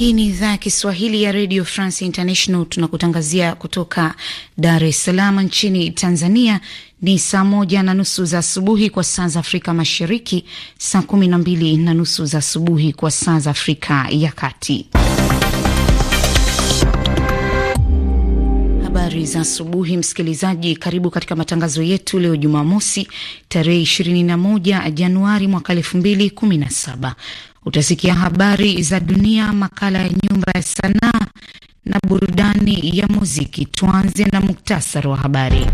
Hii ni idhaa ya Kiswahili ya Radio France International, tunakutangazia kutoka Dar es Salaam nchini Tanzania. Ni saa moja na nusu za asubuhi kwa saa za Afrika Mashariki, saa kumi na mbili na nusu za asubuhi kwa saa za Afrika ya Kati. Habari za asubuhi, msikilizaji. Karibu katika matangazo yetu leo Jumamosi, tarehe 21 Januari mwaka 217 Utasikia habari za dunia, makala ya nyumba ya sanaa na burudani ya muziki. Tuanze na muktasari wa habari.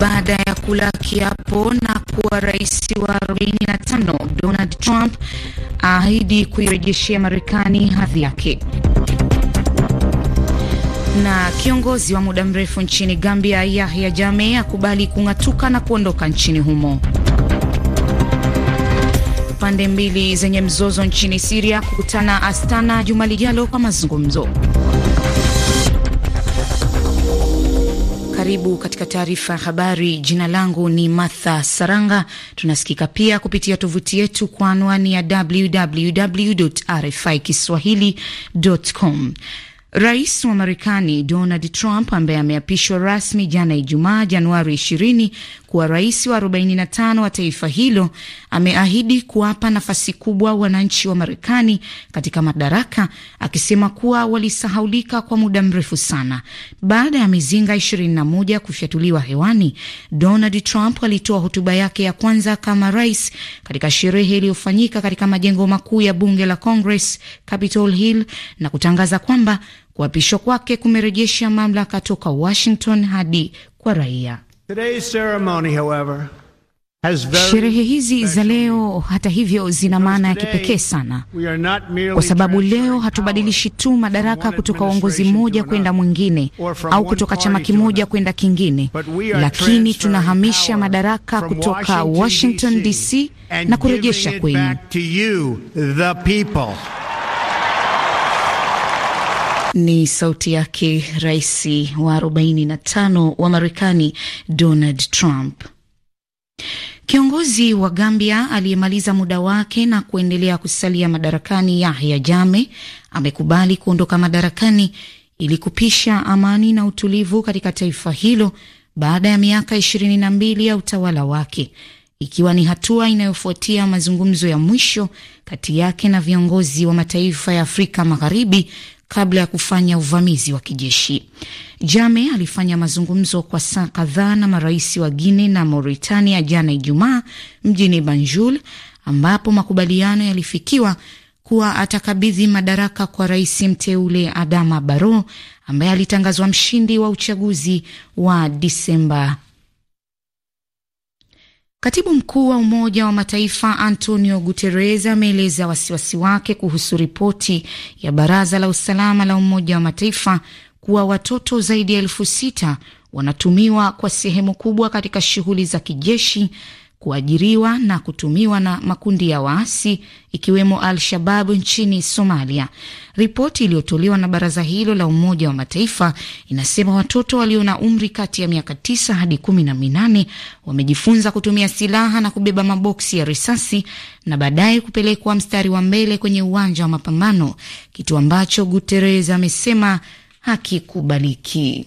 Baada ya kula kiapo na kuwa rais wa 45, Donald Trump aahidi kuirejeshea Marekani hadhi yake. Na kiongozi wa muda mrefu nchini Gambia Yahya Jammeh akubali kung'atuka na kuondoka nchini humo pande mbili zenye mzozo nchini Siria kukutana Astana juma lijalo kwa mazungumzo. Karibu katika taarifa ya habari. Jina langu ni Martha Saranga. Tunasikika pia kupitia tovuti yetu kwa anwani ya www RFI Rais wa Marekani Donald Trump ambaye ameapishwa rasmi jana Ijumaa, Januari 20 kuwa rais wa 45 wa taifa hilo ameahidi kuwapa nafasi kubwa wananchi wa Marekani katika madaraka, akisema kuwa walisahaulika kwa muda mrefu sana. Baada ya mizinga 21 kufyatuliwa hewani, Donald Trump alitoa hotuba yake ya kwanza kama rais katika sherehe iliyofanyika katika majengo makuu ya bunge la Congress, Capitol Hill, na kutangaza kwamba Kuapishwa kwake kumerejesha mamlaka toka Washington hadi kwa raia. Sherehe hizi za leo hata hivyo zina maana ya kipekee sana, kwa sababu leo hatubadilishi tu madaraka kutoka uongozi mmoja kwenda mwingine au kutoka chama kimoja kwenda kingine, lakini tunahamisha madaraka kutoka Washington DC na kurejesha kwenu. Ni sauti yake rais wa 45 wa Marekani, Donald Trump. Kiongozi wa Gambia aliyemaliza muda wake na kuendelea kusalia madarakani, Yahya Jammeh amekubali kuondoka madarakani ili kupisha amani na utulivu katika taifa hilo baada ya miaka ishirini na mbili ya utawala wake, ikiwa ni hatua inayofuatia mazungumzo ya mwisho kati yake na viongozi wa mataifa ya Afrika Magharibi kabla ya kufanya uvamizi wa kijeshi. Jame alifanya mazungumzo kwa saa kadhaa na marais wa Guinea na Mauritania jana Ijumaa mjini Banjul, ambapo makubaliano yalifikiwa kuwa atakabidhi madaraka kwa rais mteule Adama Barrow ambaye alitangazwa mshindi wa uchaguzi wa Disemba Katibu mkuu wa Umoja wa Mataifa Antonio Guterres ameeleza wasiwasi wake kuhusu ripoti ya Baraza la Usalama la Umoja wa Mataifa kuwa watoto zaidi ya elfu sita wanatumiwa kwa sehemu kubwa katika shughuli za kijeshi kuajiriwa na kutumiwa na makundi ya waasi ikiwemo Al-Shababu nchini Somalia. Ripoti iliyotolewa na baraza hilo la Umoja wa Mataifa inasema watoto walio na umri kati ya miaka tisa hadi kumi na minane wamejifunza kutumia silaha na kubeba maboksi ya risasi na baadaye kupelekwa mstari wa mbele kwenye uwanja wa mapambano, kitu ambacho Guterres amesema hakikubaliki.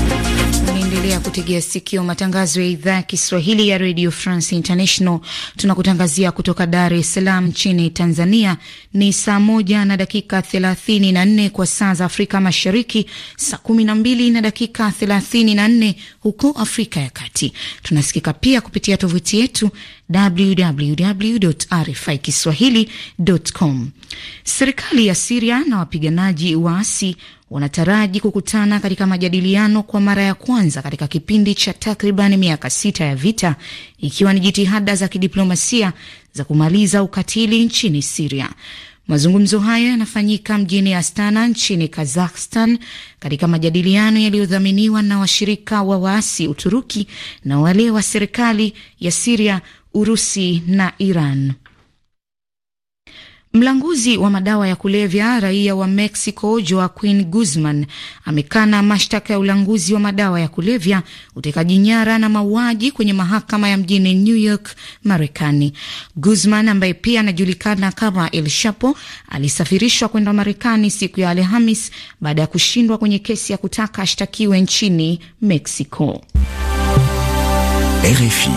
Unaendelea kutegea sikio matangazo ya idhaa ya Kiswahili ya Radio France International. Tunakutangazia kutoka Dar es Salaam nchini Tanzania. Ni saa moja na dakika thelathini na nne kwa saa za Afrika Mashariki, saa kumi na mbili na dakika thelathini na nne huko Afrika ya Kati. Tunasikika pia kupitia tovuti yetu www.rfikiswahili.com. Serikali ya Siria na wapiganaji waasi wanataraji kukutana katika majadiliano kwa mara ya kwanza katika kipindi cha takriban miaka sita ya vita, ikiwa ni jitihada za kidiplomasia za kumaliza ukatili nchini Siria. Mazungumzo hayo yanafanyika mjini Astana nchini Kazakhstan, katika majadiliano yaliyodhaminiwa na washirika wa waasi Uturuki na wale wa serikali ya Siria, Urusi na Iran. Mlanguzi wa madawa ya kulevya raia wa Mexico Joaquin Guzman amekana mashtaka ya ulanguzi wa madawa ya kulevya, utekaji nyara na mauaji kwenye mahakama ya mjini New York, Marekani. Guzman ambaye pia anajulikana kama El Chapo alisafirishwa kwenda Marekani siku ya Alhamis baada ya kushindwa kwenye kesi ya kutaka ashtakiwe nchini Mexico. RFI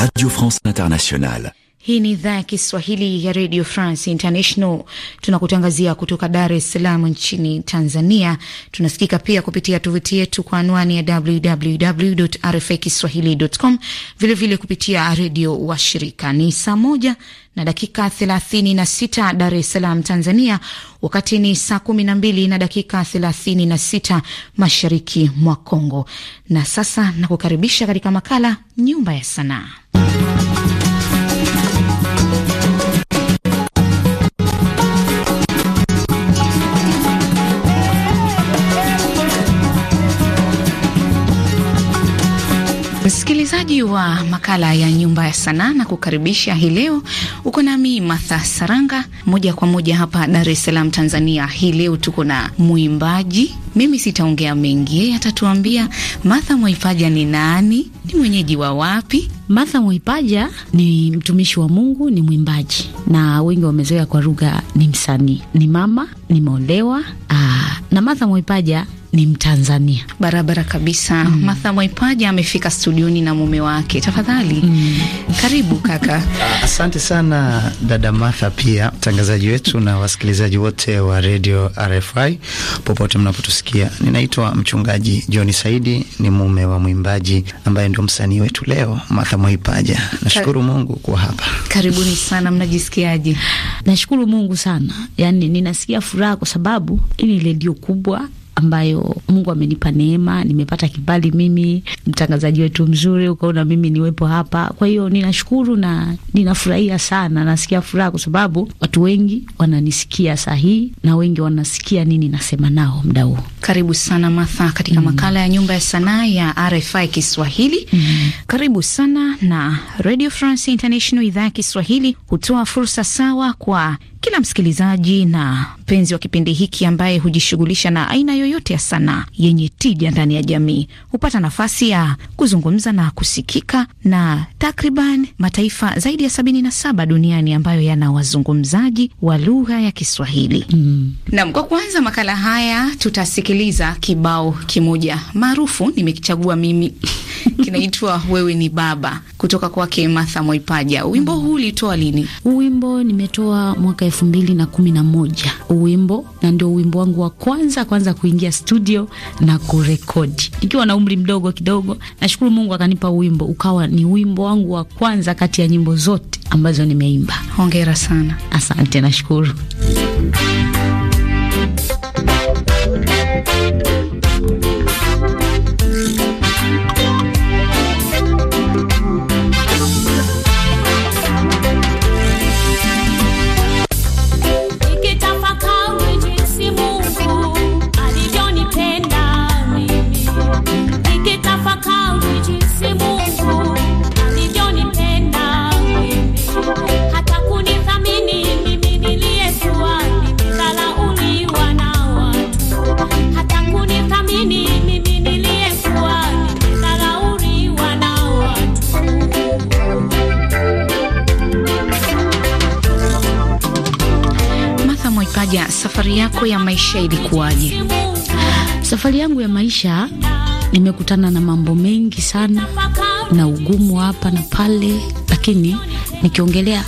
Radio France Internationale. Hii ni idhaa ya Kiswahili ya Radio France International. Tunakutangazia kutoka Dar es Salaam nchini Tanzania. Tunasikika pia kupitia tovuti yetu kwa anwani ya www rfi kiswahilicom, vilevile kupitia redio wa shirika. Ni saa moja na dakika 36 Dar es Salaam Tanzania, wakati ni saa 12 na dakika 36 mashariki mwa Congo. Na sasa nakukaribisha katika makala Nyumba ya Sanaa. msikilizaji wa makala ya Nyumba ya Sanaa na kukaribisha hii leo. Uko nami Martha Saranga moja kwa moja hapa Dar es Salaam, Tanzania. Hii leo tuko na mwimbaji, mimi sitaongea mengi, yeye atatuambia Martha Mwaipaja ni nani, ni mwenyeji wa wapi. Martha Mwaipaja ni mtumishi wa Mungu, ni mwimbaji na wengi wamezoea kwa lugha ni msanii, ni mama, nimeolewa na Martha Mwaipaja ni Mtanzania barabara kabisa. mm. Martha Mwaipaja amefika studioni na mume wake. Tafadhali mm. karibu kaka. Ah, asante sana dada Martha, pia mtangazaji wetu na wasikilizaji wote wa redio RFI popote mnapotusikia. Ninaitwa mchungaji John Saidi, ni mume wa mwimbaji ambaye ndio msanii wetu leo Martha Mwaipaja. Nashukuru Mungu kuwa hapa. Karibuni sana, mnajisikiaje? Nashukuru Mungu sana, yani ninasikia furaha kwa sababu hii ni redio kubwa ambayo Mungu amenipa neema, nimepata kibali mimi, mtangazaji wetu mzuri, ukaona mimi niwepo hapa. Kwa hiyo ninashukuru na ninafurahia sana, nasikia furaha kwa sababu watu wengi wananisikia sahihi na wengi wanasikia nini nasema nao mda huu. Karibu sana Martha katika mm. makala ya nyumba ya sanaa ya RFI Kiswahili mm. Karibu sana na Radio France International idhaa ya Kiswahili hutoa fursa sawa kwa kila msikilizaji na mpenzi wa kipindi hiki ambaye hujishughulisha na aina yoyote yoyote ya sanaa yenye tija ndani ya jamii hupata nafasi ya kuzungumza na kusikika na takriban mataifa zaidi ya sabini na saba duniani ambayo yana wazungumzaji wa lugha ya Kiswahili. Mm. Nam, kwa kuanza makala haya tutasikiliza kibao kimoja maarufu nimekichagua mimi kinaitwa wewe ni baba kutoka kwake Martha Mwaipaja. Wimbo huu ulitoa lini? Wimbo nimetoa mwaka elfu mbili na kumi na moja. Uwimbo na ndio wimbo wangu wa kwanza kwanza kuingia kuingia studio na kurekodi nikiwa na umri mdogo kidogo. Nashukuru Mungu akanipa wimbo, ukawa ni wimbo wangu wa kwanza kati ya nyimbo zote ambazo nimeimba. Hongera sana. Asante, nashukuru. yako ya maisha ilikuwaje? Safari yangu ya maisha nimekutana na mambo mengi sana na ugumu hapa na pale, lakini nikiongelea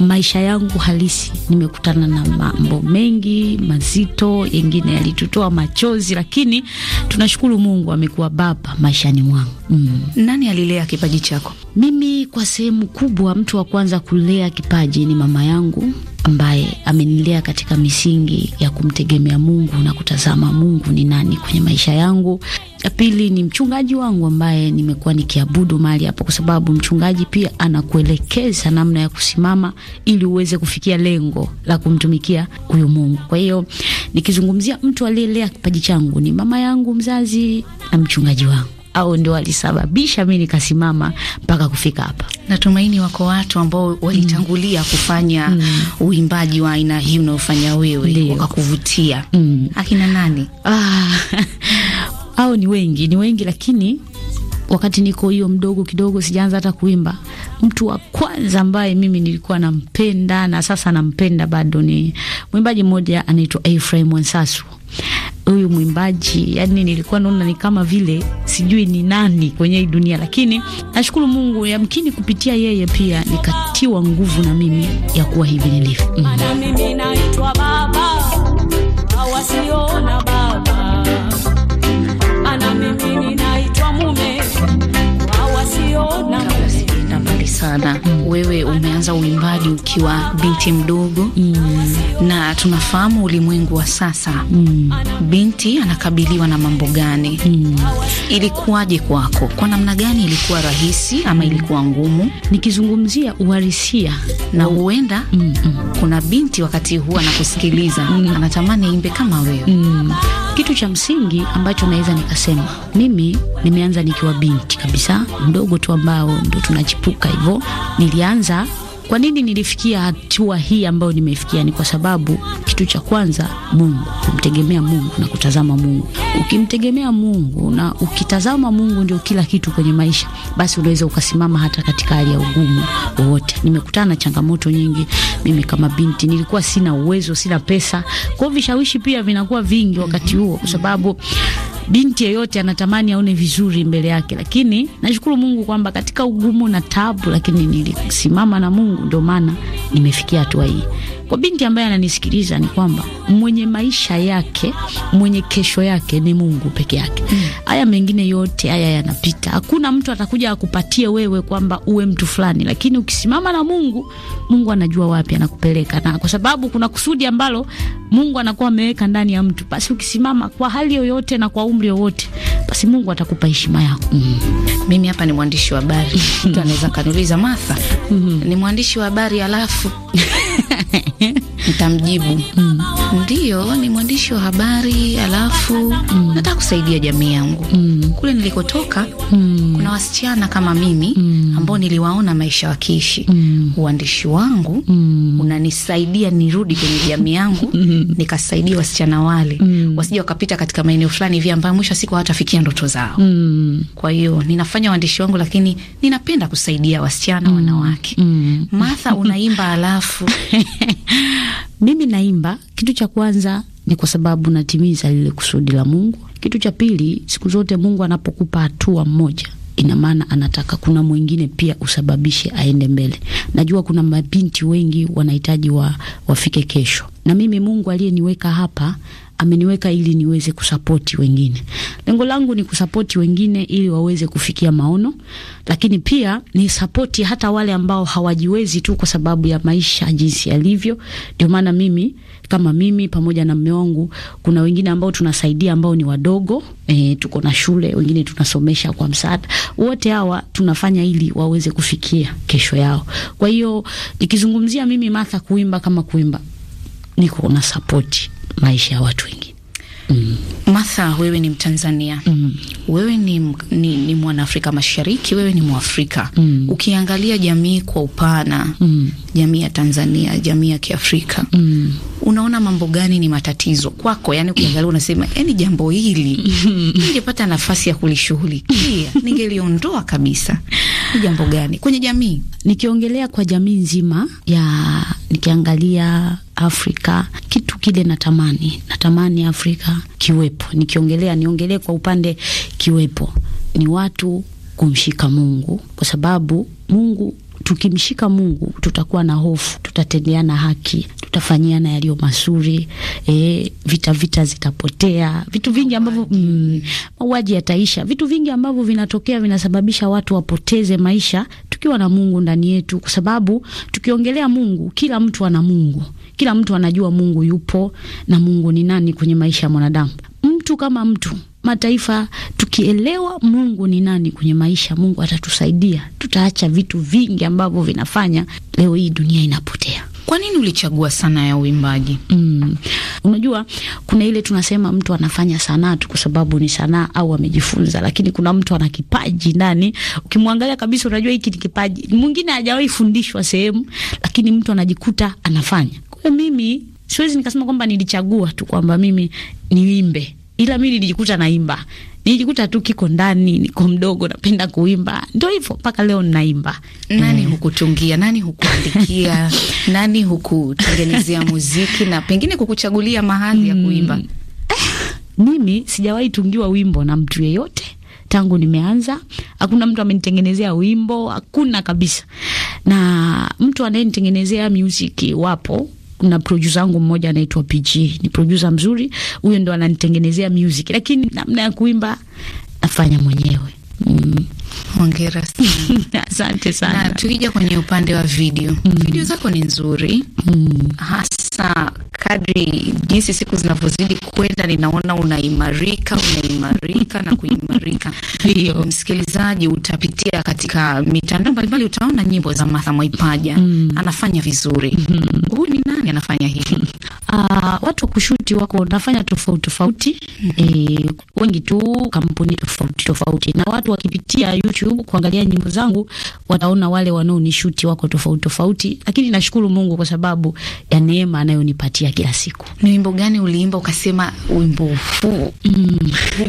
maisha yangu halisi nimekutana na mambo mengi mazito, yengine yalitutoa machozi, lakini tunashukuru Mungu amekuwa baba maishani mwangu. Mm. Nani alilea kipaji chako? Mimi kwa sehemu kubwa, mtu wa kwanza kulea kipaji ni mama yangu ambaye amenilea katika misingi ya kumtegemea Mungu na kutazama Mungu ni nani kwenye maisha yangu. Ya pili ni mchungaji wangu ambaye nimekuwa nikiabudu mahali hapo, kwa sababu mchungaji pia anakuelekeza namna ya kusimama ili uweze kufikia lengo la kumtumikia huyu Mungu. Kwa hiyo nikizungumzia mtu aliyelea kipaji changu ni mama yangu mzazi na mchungaji wangu au ndio walisababisha mi nikasimama mpaka kufika hapa. Natumaini wako watu ambao walitangulia mm. kufanya mm. uimbaji wa aina hii unaofanya wewe wakakuvutia mm. akina nani? Ah, au ni wengi, ni wengi lakini wakati niko hiyo mdogo kidogo, sijaanza hata kuimba, mtu wa kwanza ambaye mimi nilikuwa nampenda na sasa nampenda bado ni mwimbaji mmoja anaitwa Ephraim Wansasu huyu mwimbaji yani, nilikuwa naona ni kama vile sijui ni nani kwenye hii dunia, lakini nashukuru Mungu, yamkini kupitia yeye pia nikatiwa nguvu na mimi ya kuwa hivi nilivyo. mm. mimi naitwa baba hawasiona baba, mimi mume hawasiona kuanza uimbaji ukiwa binti mdogo mm. na tunafahamu ulimwengu wa sasa mm. binti anakabiliwa na mambo gani mm. ilikuwaje kwako? Kwa namna gani ilikuwa rahisi ama mm. ilikuwa ngumu? Nikizungumzia uharisia na huenda mm -mm. kuna binti wakati huu anakusikiliza mm. anatamani imbe kama wewe mm. Kitu cha msingi ambacho naweza nikasema mimi nimeanza nikiwa binti kabisa mdogo tu ambao ndo tunachipuka hivyo. Nilianza kwa nini nilifikia hatua hii ambayo nimefikia? Ni kwa sababu kitu cha kwanza, Mungu, kumtegemea Mungu na kutazama Mungu. Ukimtegemea Mungu na ukitazama Mungu, ndio kila kitu kwenye maisha, basi unaweza ukasimama hata katika hali ya ugumu wowote. Nimekutana na changamoto nyingi, mimi kama binti nilikuwa sina uwezo, sina pesa, kwa vishawishi pia vinakuwa vingi wakati huo, kwa sababu binti yeyote anatamani aone vizuri mbele yake, lakini nashukuru Mungu kwamba katika ugumu na tabu, lakini nilisimama na Mungu, ndio maana nimefikia hatua hii. Kwa binti ambaye ananisikiliza ni kwamba mwenye maisha yake, mwenye kesho yake ni Mungu peke yake. Hmm. Haya mm. mengine yote haya yanapita. Hakuna mtu atakuja akupatie wewe kwamba uwe mtu fulani, lakini ukisimama na Mungu, Mungu anajua wapi anakupeleka, na kwa sababu kuna kusudi ambalo Mungu anakuwa ameweka ndani ya mtu, basi ukisimama kwa hali yoyote na kwa umri wowote, basi Mungu atakupa heshima yako. mm. Mimi hapa ni mwandishi wa habari mtu anaweza kaniuliza Martha, mm -hmm. ni mwandishi wa habari alafu Nitamjibu mm. ni mwandishi wa habari alafu mm. nataka kusaidia jamii yangu mm. kule nilikotoka mm. kuna wasichana kama mimi mm. ambao niliwaona maisha wakiishi mm. uandishi wangu mm. unanisaidia nirudi kwenye jamii yangu mm. nikasaidia wasichana wale mm. wasije wakapita katika maeneo fulani hivi ambayo mwisho wa siku hawatafikia ndoto zao mm. kwa hiyo ninafanya uandishi wangu, lakini ninapenda kusaidia wasichana mm. wanawake mm. Martha, unaimba alafu mimi naimba, kitu cha kwanza ni kwa sababu natimiza lile kusudi la Mungu. Kitu cha pili, siku zote Mungu anapokupa hatua mmoja ina maana anataka kuna mwingine pia usababishe aende mbele. Najua kuna mabinti wengi wanahitaji wa, wafike kesho, na mimi Mungu aliyeniweka hapa ameniweka ili niweze kusapoti wengine. Lengo langu ni kusapoti wengine ili waweze kufikia maono, lakini pia ni sapoti hata wale ambao hawajiwezi tu kwa sababu ya maisha jinsi yalivyo. Ndio maana mimi kama mimi pamoja na mume wangu, kuna wengine ambao tunasaidia ambao ni wadogo e, tuko na shule, wengine tunasomesha kwa msaada. Wote hawa tunafanya ili waweze kufikia kesho yao. Kwa hiyo nikizungumzia mimi Martha kuimba kama kuimba, niko na sapoti maisha ya watu wengine. Mm. Martha, wewe ni Mtanzania. Mm. Wewe ni, ni, ni Mwanaafrika Mashariki, wewe ni Mwafrika. Mm. Ukiangalia jamii kwa upana, mm. jamii ya Tanzania, jamii ya Kiafrika. Mm. Unaona mambo gani ni matatizo kwako? Yaani ukiangalia unasema, yaani jambo hili ningepata nafasi ya kulishughulikia, ningeliondoa kabisa. Ni jambo gani kwenye jamii? Nikiongelea kwa jamii nzima ya nikiangalia Afrika, kitu kile natamani, natamani Afrika kiwepo. Nikiongelea niongelee kwa upande kiwepo, ni watu kumshika Mungu, kwa sababu Mungu tukimshika Mungu tutakuwa na hofu, tutatendeana haki, tutafanyiana yaliyo mazuri e, vita vita zitapotea, vitu vingi ambavyo mm, mauaji mm, yataisha, vitu vingi ambavyo vinatokea vinasababisha watu wapoteze maisha tukiwa na Mungu ndani yetu, kwa sababu tukiongelea Mungu, kila mtu ana Mungu. Kila mtu anajua Mungu yupo na Mungu ni nani kwenye maisha ya mwanadamu, mtu kama mtu mataifa tukielewa Mungu ni nani kwenye maisha, Mungu atatusaidia. Tutaacha vitu vingi ambavyo vinafanya leo hii dunia inapotea. Kwa nini ulichagua sanaa ya uimbaji? Mm. Unajua kuna ile tunasema mtu anafanya sanaa tu kwa sababu ni sanaa au amejifunza, lakini kuna mtu ana kipaji ndani. Ukimwangalia kabisa unajua hiki ni kipaji. Mwingine hajawahi fundishwa sehemu, lakini mtu anajikuta anafanya mimi siwezi nikasema kwamba nilichagua tu kwamba mimi niimbe, ila mimi nilijikuta naimba, nilijikuta tu kiko ndani, niko mdogo, napenda kuimba, ndio hivyo mpaka leo ninaimba. Nani mm, hukutungia? Nani hukuandikia? nani hukutengenezea muziki na pengine kukuchagulia mahali mm, ya kuimba? Mm. Eh, mimi sijawahi tungiwa wimbo na mtu yeyote tangu nimeanza. Hakuna mtu amenitengenezea wimbo, hakuna kabisa. Na mtu anayenitengenezea muziki wapo na producer wangu mmoja anaitwa PG, ni producer mzuri huyo, ndo ananitengenezea music, lakini namna ya kuimba nafanya mwenyewe. Mm. Hongera sana. Asante sana. Na tukija kwenye upande wa video, mm. video zako ni nzuri mm. hasa kadri jinsi siku zinavyozidi kwenda, ninaona unaimarika, unaimarika na kuimarika. Ndio msikilizaji, utapitia katika mitandao mbalimbali, utaona nyimbo za Martha Mwaipaja mm. anafanya vizuri mm -hmm. huyu ni nani anafanya hivi? Uh, ah, watu wa kushuti wako nafanya tofauti tofauti mm -hmm. e, wengi tu kampuni tofauti tofauti, na watu wakipitia YouTube kuangalia nyimbo zangu wataona wale wanaonishuti wako tofauti tofauti, lakini nashukuru Mungu kwa sababu ya neema anayonipatia kila siku. Ni wimbo gani uliimba ukasema wimbo huu mm.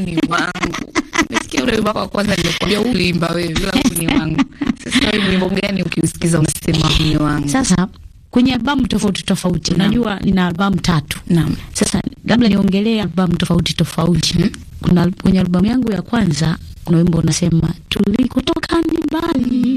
ni wangu? Nisikia ule wimbo wa kwanza nilikwambia uliimba wewe, bila kuni wangu. Sasa wewe wimbo gani ukiusikiza unasema ni wangu? Sasa kwenye albamu tofauti tofauti, unajua nina albamu tatu. Naam. Sasa labda niongelee albamu tofauti tofauti. Mm -hmm. Kuna kwenye albamu yangu ya kwanza kuna wimbo unasema tulikotoka ni mbali,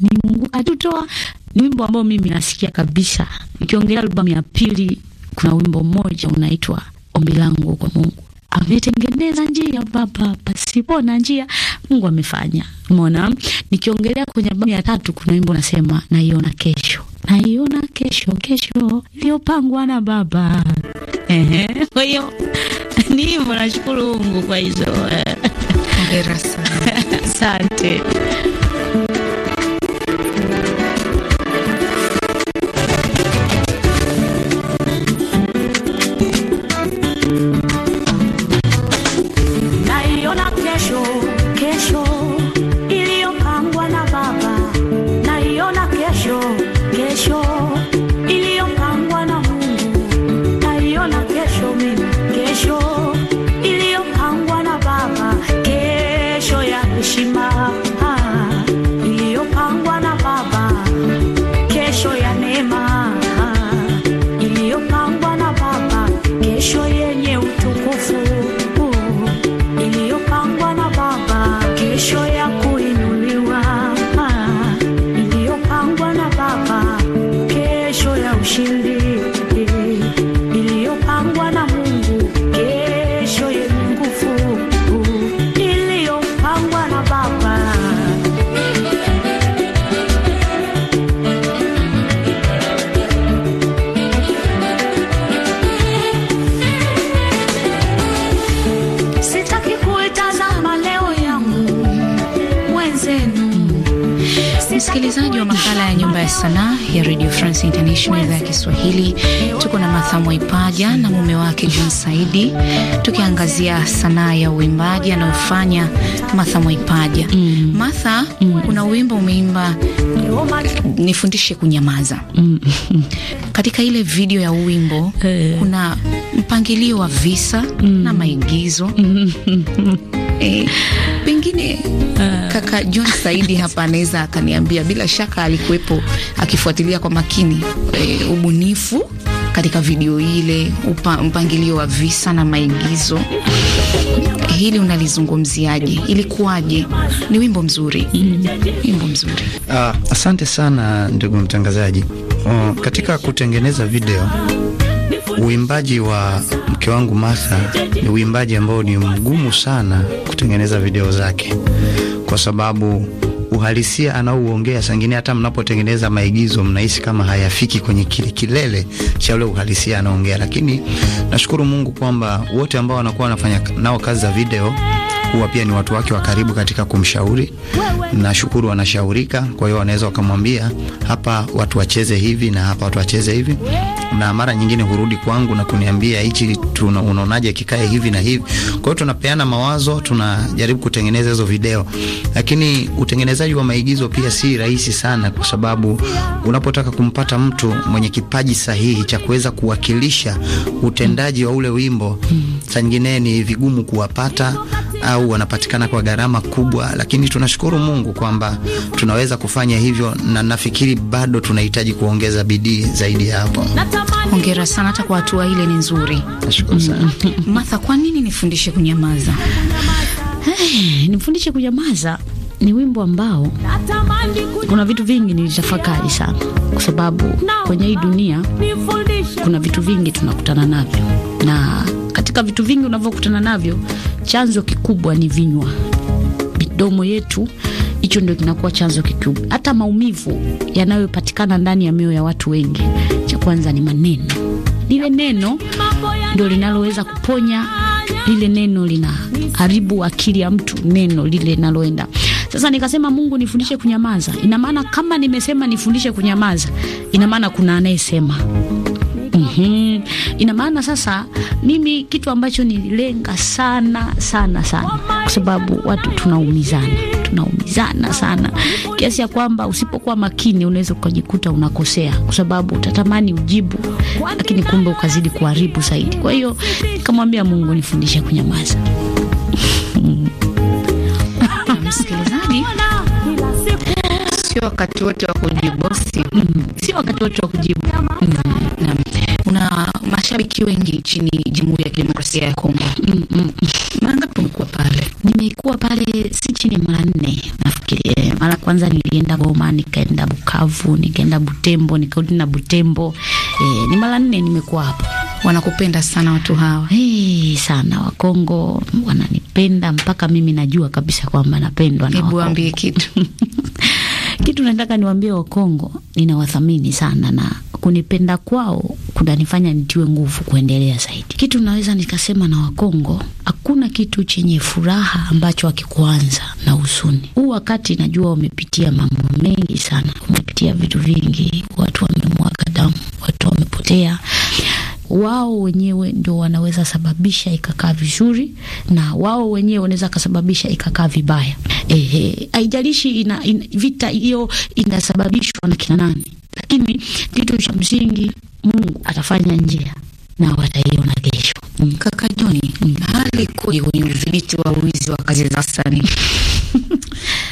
ni Mungu atutoa. Ni wimbo ambao mimi nasikia kabisa. Nikiongelea albamu ya pili kuna wimbo mmoja unaitwa ombi langu kwa Mungu. Ametengeneza njia baba pasipo na njia, Mungu amefanya. Umeona, nikiongelea kwenye albamu ya tatu, kuna wimbo unasema naiona kesho, naiona kesho, kesho iliyopangwa na baba. Ehe, kwa hiyo ni hivyo. Nashukuru Mungu kwa hizo. Asante. nyumba ya sanaa ya Radio France International idhaa ya Kiswahili. Tuko na Martha Mwaipaja na mume wake John Saidi, tukiangazia sanaa ya uimbaji anayofanya Martha Mwaipaja. mm. Martha, mm. wimbo umeimba nifundishe kunyamaza. mm. katika ile video ya uwimbo eh. kuna mpangilio wa visa mm. na maigizo mm. Eh. pengine uh, kaka John Saidi hapa anaweza akaniambia, bila shaka alikuwepo akifuatilia kwa makini e, ubunifu katika video ile, upa, mpangilio wa visa na maigizo. Hili unalizungumziaje? Ilikuwaje? Ni wimbo mzuri mm-hmm. Wimbo mzuri uh, asante sana ndugu mtangazaji. Uh, katika kutengeneza video Uimbaji wa mke wangu Martha ni uimbaji ambao ni mgumu sana kutengeneza video zake, kwa sababu uhalisia anaouongea sangine, hata mnapotengeneza maigizo mnahisi kama hayafiki kwenye kile kilele cha ule uhalisia anaongea. Lakini nashukuru Mungu kwamba wote ambao wanakuwa wanafanya nao kazi za video huwa pia ni watu wake wa karibu katika kumshauri. Nashukuru wanashaurika, kwa hiyo wanaweza wakamwambia hapa watu wacheze hivi na hapa watu wacheze hivi, na mara nyingine hurudi kwangu na kuniambia hichi, unaonaje kikae hivi na hivi. Kwa hiyo tunapeana mawazo, tunajaribu kutengeneza hizo video, lakini utengenezaji wa maigizo pia si rahisi sana, kwa sababu unapotaka kumpata mtu mwenye kipaji sahihi cha kuweza kuwakilisha utendaji wa ule wimbo, saa nyingine ni vigumu kuwapata au wanapatikana kwa gharama kubwa, lakini tunashukuru Mungu kwamba tunaweza kufanya hivyo, na nafikiri bado tunahitaji kuongeza bidii zaidi ya hapo. Hongera sana, hata kwa hatua ile ni nzuri. Nashukuru sana mm. Martha, kwa nini nifundishe kunyamaza? Hey, eh, nifundishe kunyamaza ni wimbo ambao kuna vitu vingi nilitafakari sana, kwa sababu kwenye hii dunia kuna vitu vingi tunakutana navyo na katika vitu vingi unavyokutana navyo, chanzo kikubwa ni vinywa, midomo yetu. Hicho ndio kinakuwa chanzo kikubwa. Hata maumivu yanayopatikana ndani ya mioyo ya watu wengi, cha kwanza ni maneno. Lile neno ndio linaloweza kuponya, lile neno lina haribu akili ya mtu, neno lile linaloenda sasa nikasema Mungu nifundishe kunyamaza. Ina maana kama nimesema nifundishe kunyamaza, ina maana kuna anayesema Mm-hmm. ina maana sasa mimi kitu ambacho nililenga sana sana sana, kwa sababu watu tunaumizana, tunaumizana sana kiasi ya kwamba usipokuwa makini unaweza ukajikuta unakosea, kwa sababu utatamani ujibu, lakini kumbe ukazidi kuharibu zaidi. Kwa hiyo nikamwambia Mungu, nifundishe kunyamaza. Msikilizaji, sio wakati wote wa kujibu, sio wakati wote wa kujibu mm mashabiki wengi nchini Jamhuri ya Kidemokrasia ya Kongo. mm, mm, mm. Mara ngapi umekuwa pale? Nimekuwa pale si chini ya mara nne nafikiri. Eh, mara kwanza nilienda Goma, nikaenda Bukavu, nikaenda Butembo, nikarudi na Butembo. E, ni mara nne nimekuwa hapo. Wanakupenda sana watu hawa. Hey, eh, sana Wakongo wananipenda mpaka mimi najua kabisa kwamba napendwa na Wakongo. Hebu ambie kitu kitu nataka niwaambie Wakongo, ninawathamini sana na kunipenda kwao kunanifanya nitiwe nguvu kuendelea zaidi. Kitu naweza nikasema na Wakongo, hakuna kitu chenye furaha ambacho wakikuanza na huzuni. Huu wakati najua wamepitia mambo mengi sana, wamepitia vitu vingi, watu wamemwaga damu, watu wamepotea wao wenyewe ndio wanaweza sababisha ikakaa vizuri, na wao wenyewe wanaweza kasababisha ikakaa vibaya. Ehe, haijalishi ina, ina, vita hiyo inasababishwa na kina nani, lakini kitu cha msingi Mungu atafanya njia na wataiona kesho. Mkaka Joni hali koje kwenye udhibiti wa wizi wa kazi za wasanii?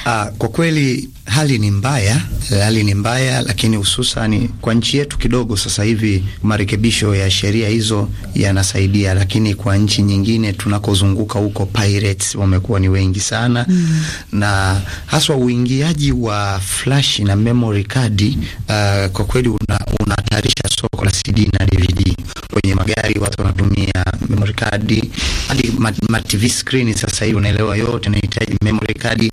Ah, kwa kweli hali ni mbaya, hali ni mbaya, lakini hususani kwa nchi yetu kidogo sasa hivi marekebisho ya sheria hizo yanasaidia, lakini kwa nchi nyingine tunakozunguka huko pirates wamekuwa ni wengi sana mm. na haswa uingiaji wa flash na memory card uh, kwa kweli unahatarisha una soko la CD na DVD. Kwenye magari watu wanatumia memory card hadi ma TV screen sasa hivi unaelewa, yote inahitaji memory card.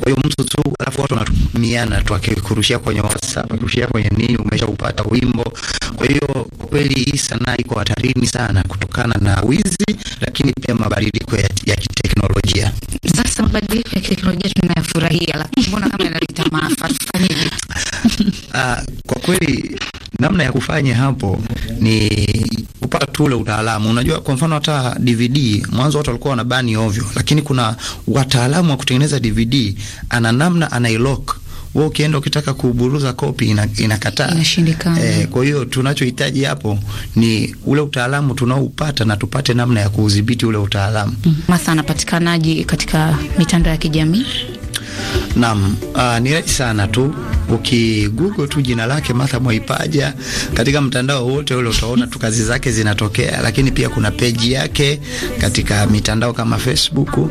Kwa hiyo mtu tu, alafu watu wanatumiana tu, akikurushia kwenye WhatsApp, akikurushia kwenye nini, umeshaupata wimbo. Kwa hiyo kwa kweli hii sanaa iko hatarini sana kutokana na wizi, lakini pia mabadiliko ya, ya kiteknolojia. Sasa mabadiliko ya kiteknolojia tunayafurahia, lakini mbona kama yanaleta maafa, tufanyeje? Uh, ah, kwa kweli namna ya kufanya hapo ni kupata tu ule utaalamu. Unajua, kwa mfano hata DVD mwanzo watu walikuwa wanabani ovyo, lakini kuna wataalamu wa kutengeneza DVD, ana namna anailock wewe ukienda ukitaka kuburuza kopi inakataa, inashindikana. Eh, kwa hiyo tunachohitaji hapo ni ule utaalamu tunaoupata na tupate namna ya kuudhibiti ule utaalamu. Matha, anapatikanaje katika mitandao ya kijamii? Naam, uh, ni rahisi sana tu ukigoogle tu jina lake Martha Mwaipaja katika mtandao wote ule utaona tu kazi zake zinatokea, lakini pia kuna peji yake katika mitandao kama Facebook, uh,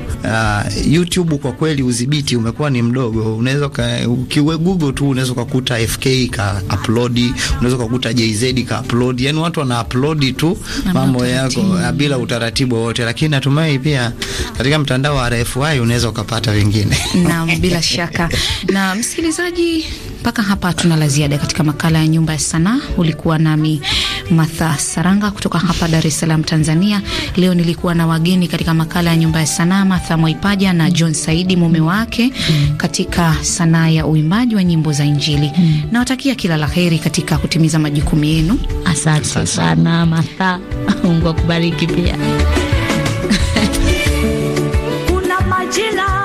YouTube. Kwa kweli udhibiti umekuwa ni mdogo, unaweza ukiwe google tu unaweza kukuta FK ka upload, unaweza kukuta JZ ka upload, yani watu wana upload tu mambo yako ah, bila utaratibu wote, lakini natumai pia katika mtandao wa RFI unaweza ukapata vingine. Naam bila shaka. Na msikilizaji, mpaka hapa tuna la ziada katika makala ya Nyumba ya Sanaa. Ulikuwa nami Martha Saranga kutoka hapa Dar es Salaam, Tanzania. Leo nilikuwa na wageni katika makala ya Nyumba ya Sanaa, Martha Mwaipaja na John Saidi mume wake katika sanaa ya uimbaji wa nyimbo za Injili. Nawatakia kila la heri katika kutimiza majukumu yenu. Asante sana Martha, Mungu akubariki pia. Kuna majina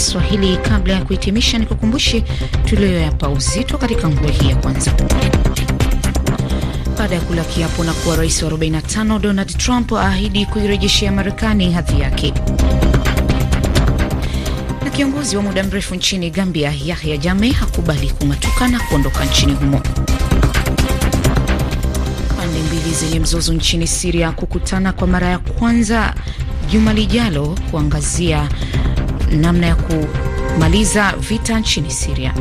Kiswahili. Kabla ya kuhitimisha, ni kukumbushe tuliyoyapa uzito katika nguo hii ya kwanza. Baada ya kula kiapo na kuwa rais wa 45, Donald Trump aahidi kuirejeshea Marekani hadhi yake. Na kiongozi wa muda mrefu nchini Gambia Yahya Jammeh hakubali kung'atuka na kuondoka nchini humo. Pande mbili zenye mzozo nchini Siria kukutana kwa mara ya kwanza juma lijalo kuangazia namna ya kumaliza vita nchini Siria.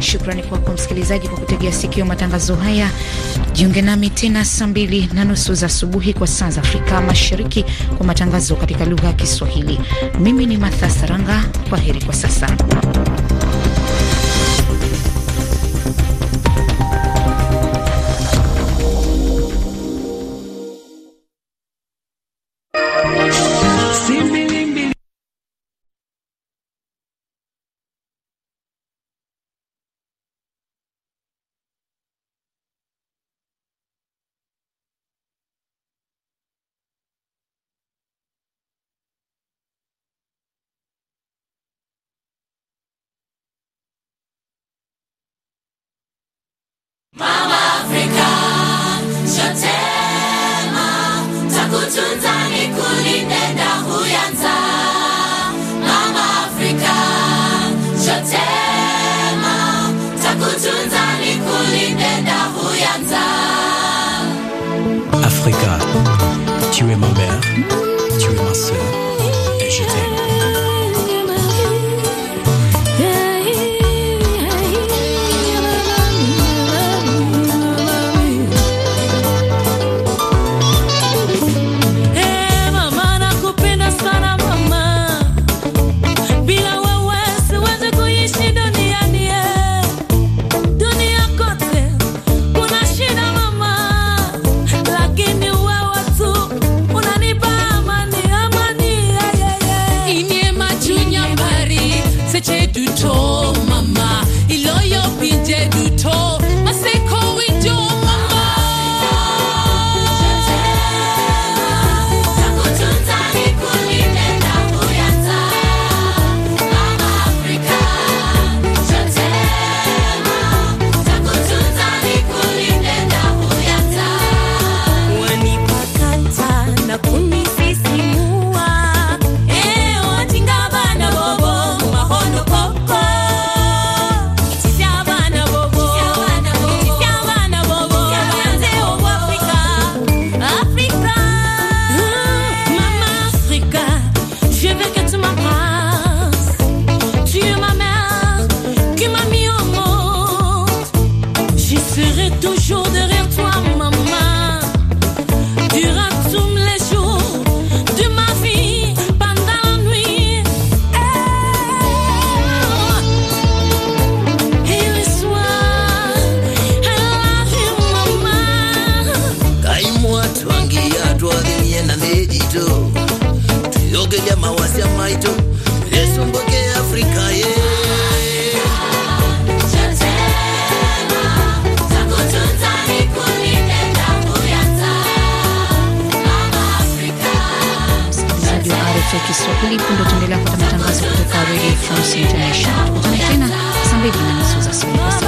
Shukrani kwako msikilizaji kwa kutegea sikio matangazo haya. Jiunge nami tena saa mbili na nusu za asubuhi kwa saa za Afrika Mashariki kwa matangazo katika lugha ya Kiswahili. Mimi ni matha Saranga, kwa heri kwa sasa. Listen. high. Hilifu ndio tuendelea kupata matangazo kutoka Radio France International. Tukutane tena saa mbili na nusu za siku.